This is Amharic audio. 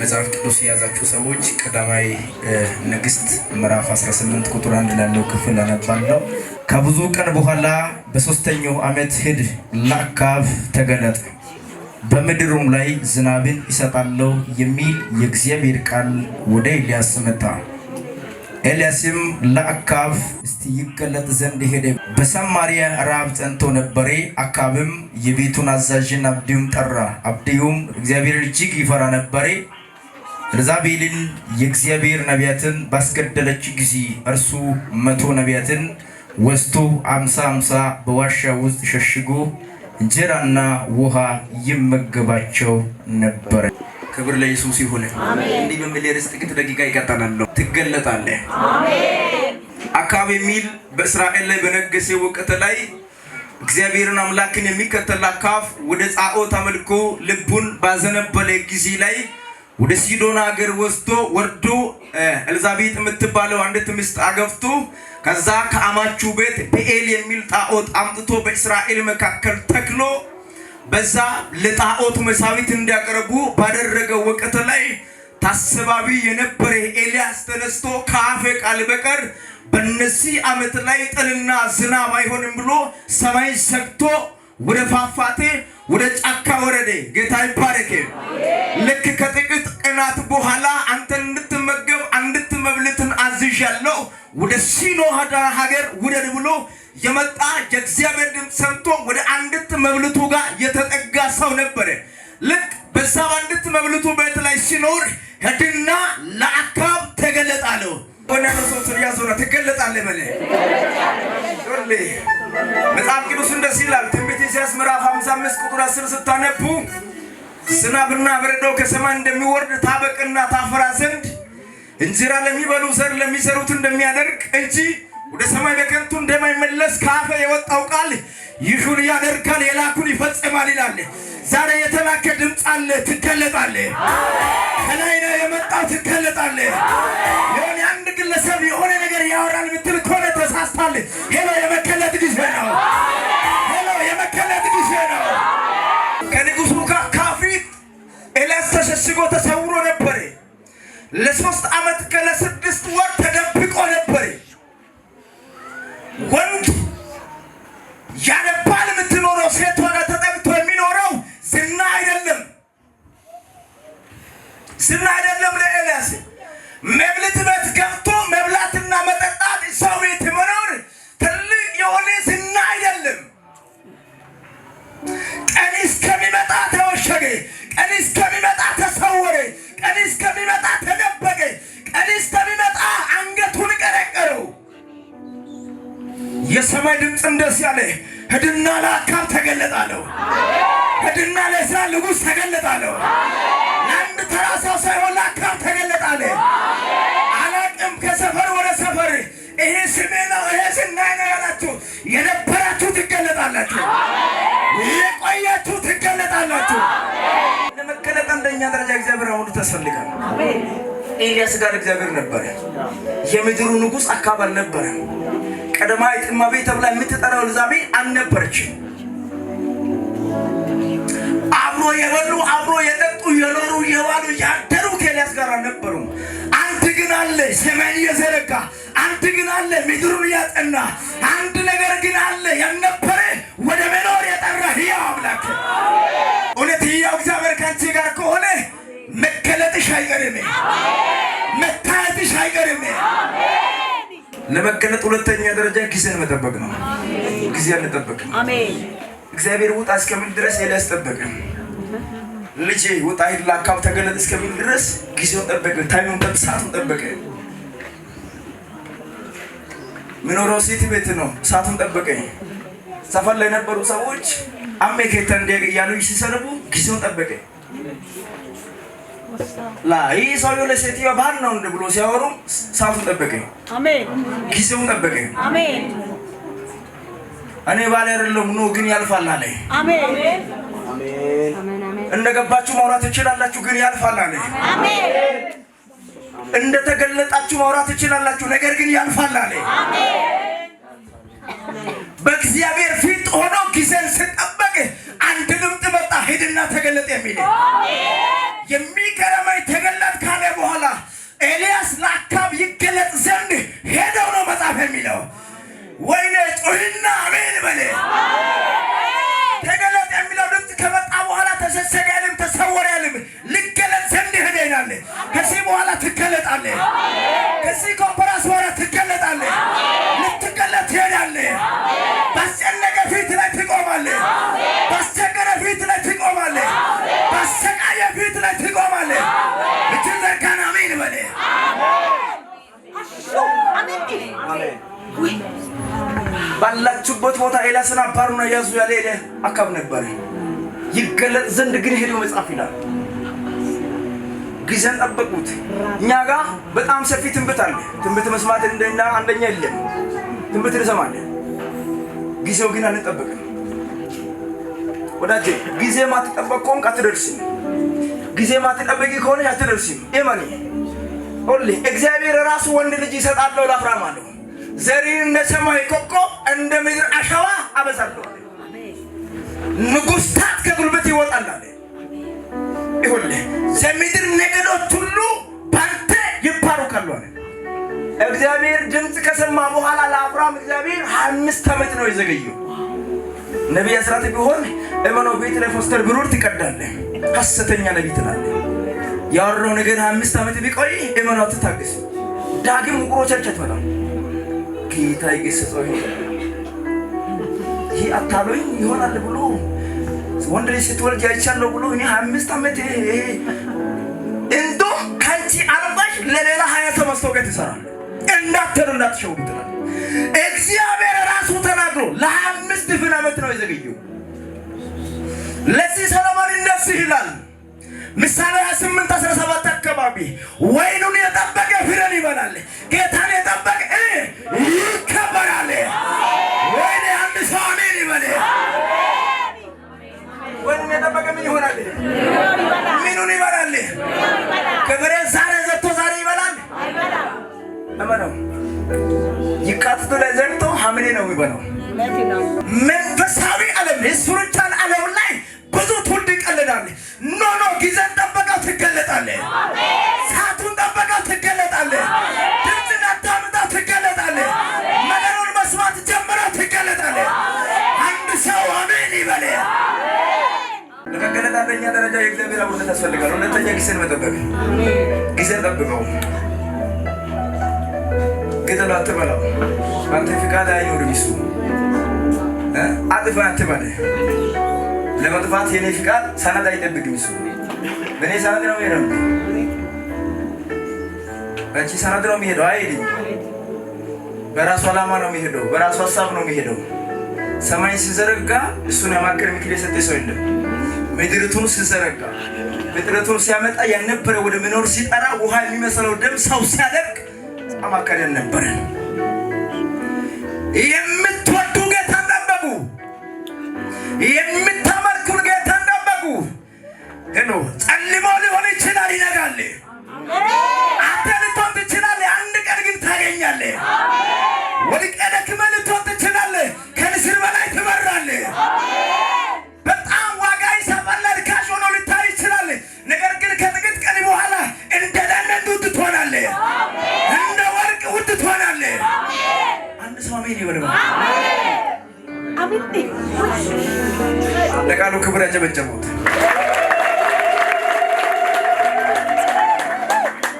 መጽሐፍ ቅዱስ የያዛችሁ ሰዎች ቀዳማዊ ንግስት ምዕራፍ 18 ቁጥር አንድ ላለው ክፍል አነባለሁ። ከብዙ ቀን በኋላ በሶስተኛው ዓመት ሂድ ለአክዓብ ተገለጠ፣ በምድሩም ላይ ዝናብን ይሰጣለሁ የሚል የእግዚአብሔር ቃል ወደ ኤልያስ መጣ። ኤልያስም ለአካብ እስቲ ይገለጥ ዘንድ ሄደ። በሰማሪያ ረሃብ ጸንቶ ነበረ። አካብም የቤቱን አዛዥን አብድዩም ጠራ። አብድዩም እግዚአብሔር እጅግ ይፈራ ነበረ። ኤልዛቤልን የእግዚአብሔር ነቢያትን ባስገደለች ጊዜ እርሱ መቶ ነቢያትን ወስቶ አምሳ አምሳ በዋሻ ውስጥ ሸሽጎ እንጀራና ውሃ ይመገባቸው ነበረ። ክብር ለኢየሱስ ይሁን። እንዲህ በሚል ርዕስ ጥቂት ደቂቃ ይቀጥላል። ትገለጣለህ። አካብ የሚል በእስራኤል ላይ በነገሰ ወቅት ላይ እግዚአብሔርን አምላክን የሚከተል አካብ ወደ ጣዖት አምልኮ ልቡን ባዘነበለ ጊዜ ላይ ወደ ሲዶና ሀገር ወስዶ ወርዶ ኤልዛቤት የምትባለው አንዲት ሚስት አገብቶ ከዛ ከአማቹ ቤት ብኤል የሚል ጣዖት አምጥቶ በእስራኤል መካከል ተክሎ በዛ ለጣዖት መሳዊት እንዲያቀርቡ ባደረገው ወቅት ላይ ታሰባቢ የነበረ ኤልያስ ተነስቶ ከአፈ ቃል በቀር በነዚህ ዓመት ላይ ጥልና ዝናብ አይሆንም ብሎ ሰማይ ሰግቶ ወደ ፏፏቴ ወደ ጫካ ወረደ። ጌታ ይባረክ። ልክ ከጥቂት ቀናት በኋላ አንተ እንድትመገብ አንድት መብልትን አዝዣለሁ፣ ወደ ሲኖዳ ሀገር ውደድ ብሎ የመጣ የእግዚአብሔር ድምፅ ሰምቶ ወደ አንድት መብልቱ ጋር የተጠጋ ሰው ነበረ። ልክ በዛ አንዲት መብልቱ ቤት ላይ ሲኖር ሂድና ለአካብ ተገለጣለሁ ሆነ ሰው ትያዞ ነው ትገለጣለህ መለ እንጸልይ። መጽሐፍ ቅዱስ እንደዚህ ይላል። ትንቢተ ኢሳይያስ ምዕራፍ 55 ቁጥር 10 ስታነቡ ዝናብና በረዶ ከሰማይ እንደሚወርድ ታበቅና ታፈራ ዘንድ እንጀራ ለሚበሉ ዘር ለሚሰሩት እንደሚያደርግ እንጂ ወደ ሰማይ በከንቱ እንደማይመለስ ከአፈ የወጣው ቃል ይሹን ያደርጋል፣ የላኩን ይፈጽማል ይላል። ዛሬ የተላከ ድምፅ አለ። ትገለጣለ። ከላይ ነው የመጣው። ትገለጣለ። የሆነ አንድ ግለሰብ የሆነ ነገር ያወራል ምትል ይመጣል። ሄሎ የመከለት ጊዜ ነው። ሄሎ የመከለት ጊዜ ነው። ከንጉሱ ጋር ካፊት ኤልያስ ተሸሽጎ ተሰውሮ ነበር ለሶስት ዓመት የሰማይ ድምፅም ደስ ያለ ሂድና ለአካብ ተገለጣለሁ፣ ሂድና ለእስራኤል ንጉሥ ተገለጣለሁ። ለአንድ ተራ ሰው ሳይሆን ለአካብ ተገለጣለ። አላቅም ከሰፈር ወደ ሰፈር ይሄ ስሜ ነው ይሄ ዝናዬ ነው ያላችሁ የነበራችሁ ትገለጣላችሁ፣ የቆያችሁ ትገለጣላችሁ። ለመገለጥ አንደኛ ደረጃ እግዚአብሔር አሁኑ ተስፈልጋል። ኤልያስ ጋር እግዚአብሔር ነበረ። የምድሩ ንጉሥ አካባል ነበረ ቀዳማዊት እመቤት ተብላ የምትጠራው ኤልዛቤል አልነበረች። አብሮ የበሉ አብሮ የጠጡ የኖሩ የዋሉ ያደሩ ከኤልያስ ጋር አልነበሩም። አንድ ግን አለ ሰማይን የዘረጋ አንድ ግን አለ ምድሩን ያጠና አንድ ነገር ግን አለ ያልነበረ ወደ መኖር የጠራ ሕያው አምላክ እውነት ሕያው እግዚአብሔር ከአንቺ ጋር ከሆነ መገለጥሽ አይቀርም። ለመገለጥ ሁለተኛ ደረጃ ጊዜን መጠበቅ ነው። ጊዜ አንጠበቅ። እግዚአብሔር ውጣ እስከሚል ድረስ ሄደ ያስጠበቅ ልጅ ውጣ ሂድ ለአካብ ተገለጥ እስከሚል ድረስ ጊዜውን ጠበቀ። ታይሙን ጠጥ ሰዓቱን ጠበቀ። ምኖረው ሴት ቤት ነው። ሰዓቱን ጠበቀ። ሰፈር ላይ ነበሩ ሰዎች አሜ ከታ እንዲያገ እያሉ ሲሰንቡ ጊዜውን ጠበቀ። ላ ይህ ሰውዬው ለሴትዮዋ ባል ነው እንደ ብሎ ሲያወሩ ሰዓቱን ጠበቀኝ፣ ጊዜውን ጠበቀኝ። እኔ ባል አይደለም ኖ ግን ያልፋል አለ። እንደገባችሁ ማውራት ትችላላችሁ፣ ግን ያልፋል አለ። እንደተገለጣችሁ ማውራት ትችላላችሁ፣ ነገር ግን ያልፋል አለ። በእግዚአብሔር ፊት ሆኖ ጊዜን ስጠበቅ አንድ ድምፅ መጣ፣ ሂድና ተገለጥ የሚል የሚገረመኝ ተገለጥ ካለ በኋላ ኤልያስ ለአካብ ይገለጥ ዘንድ ሄደው ነው መጽሐፍ የሚለው። ወይኔ ጮህና አሜን በለ። ተገለጥ የሚለው ድምፅ ከመጣ በኋላ ተሸሸገ ያልም ተሰወረ ያልም ልገለጥ ዘንድ ሄደ ይላል። ከዚህ በኋላ ትገለጣለህ። ከዚህ ኮንፈረንስ በኋላ ትገለጣለህ። ልትገለጥ ትሄዳለህ። ባላችሁበት ቦታ ኤልያስን አባሩና ያዙ ያለ ሄደ አካብ ነበረ። ይገለጥ ዘንድ ግን ሄደው መጽሐፍ ይላል ጊዜን ጠበቁት። እኛ ጋር በጣም ሰፊ ትንብት አለ። ትንብት መስማት እንደና አንደኛ የለም። ትንብት እንሰማለን፣ ጊዜው ግን አንጠበቅም። ወዳጄ ጊዜ ማትጠበቅ ከሆንክ አትደርስም። ጊዜ ማትጠበቂ ከሆነ አትደርስም። ይመኒ ሁሌ እግዚአብሔር ራሱ ወንድ ልጅ ይሰጣለው ለአብርሃም አለው ዘሪ እንደ ሰማይ ኮከብ እንደ ምድር አሸዋ አበዛለሁ። ንጉሥታት ከጉልበት ይወጣል አለ። ይኸውልህ ዘምድር ነገዶች ሁሉ ባንተ ይባረካሉ አለ። እግዚአብሔር ድምፅ ከሰማ በኋላ ለአብርሃም እግዚአብሔር ሀያ አምስት ዓመት ነው የዘገየው። ነቢይ አስራት ቢሆን እመኖ ቤት ለፎስተር ብሩር ትቀዳለህ፣ ሐሰተኛ ነቢይ ትላለህ። ያወራው ነገር ሀያ አምስት ዓመት ቢቆይ እመኖ ትታገስ ዳግም ውቅሮቻቸት በጣም ጌታ የገሰጸው ይሄ ይህ አታሎኝ ይሆናል ብሎ ወንድ ልጅ ስትወልጅ አይቻለሁ ብሎ እኔ ሀያ አምስት ዓመት እንዶ ከአንቺ አልባሽ ለሌላ ሀያ ሰው ማስታወቂያ ትሰራል። እንዳትተሩ እንዳትሸውዱ ትላል። እግዚአብሔር ራሱ ተናግሮ ለሀያ አምስት ድፍን ዓመት ነው የዘገየው። ለዚህ ሰለሞን እንደዚህ ይላል ምሳሌ 28 17 አካባቢ ወይኑን የጠበቀ ፍሬን ይበላል። ጌታን የጠበቀ ይከበራል። ወይኔ አንድ ሰው አሜን ይበል። ወይኔ የጠበቀ ምን ይሆናል? ምኑን ይበላል? ክብርን ዛሬ ዘግቶ ዛሬ ይበላል። እመነው ይቃጥቱ ላይ ዘግቶ ሐምሌ ነው የሚበላው መንፈሳዊ ዓለም አንዳንድ የእግዚአብሔር አብሮነት ያስፈልጋል። ሁለተኛ ጊዜን መጠበቅ ጊዜን ጠብቀው ግደሉ አትበለው። አንተ ፍቃድ አይኖርም እሱ አጥፋ አትበል። ለመጥፋት የኔ ፍቃድ ሰነድ አይጠብቅም እሱ በእኔ ሰነድ ነው ሄደ በአንቺ ሰነድ ነው የሚሄደው አይሄድም። በራሱ ዓላማ ነው የሚሄደው። በራሱ ሀሳብ ነው የሚሄደው። ሰማይ ሲዘረጋ እሱን ያማከለ ምክር የሰጠ ሰው የለም። ምድርቱን ሲዘረጋ ፍጥረቱን ሲያመጣ ያልነበረ ወደ መኖር ሲጠራ ውሃ የሚመስለው ደም ሰው ሲያደርግ አማካሪያን ነበረ። የምትወዱ ጌታ ጠበቁ፣ የምታመልኩን ጌታ ግን ጸልሞ ሊሆን ይችላል ይነጋል 말로 그분한테 묻지 못해.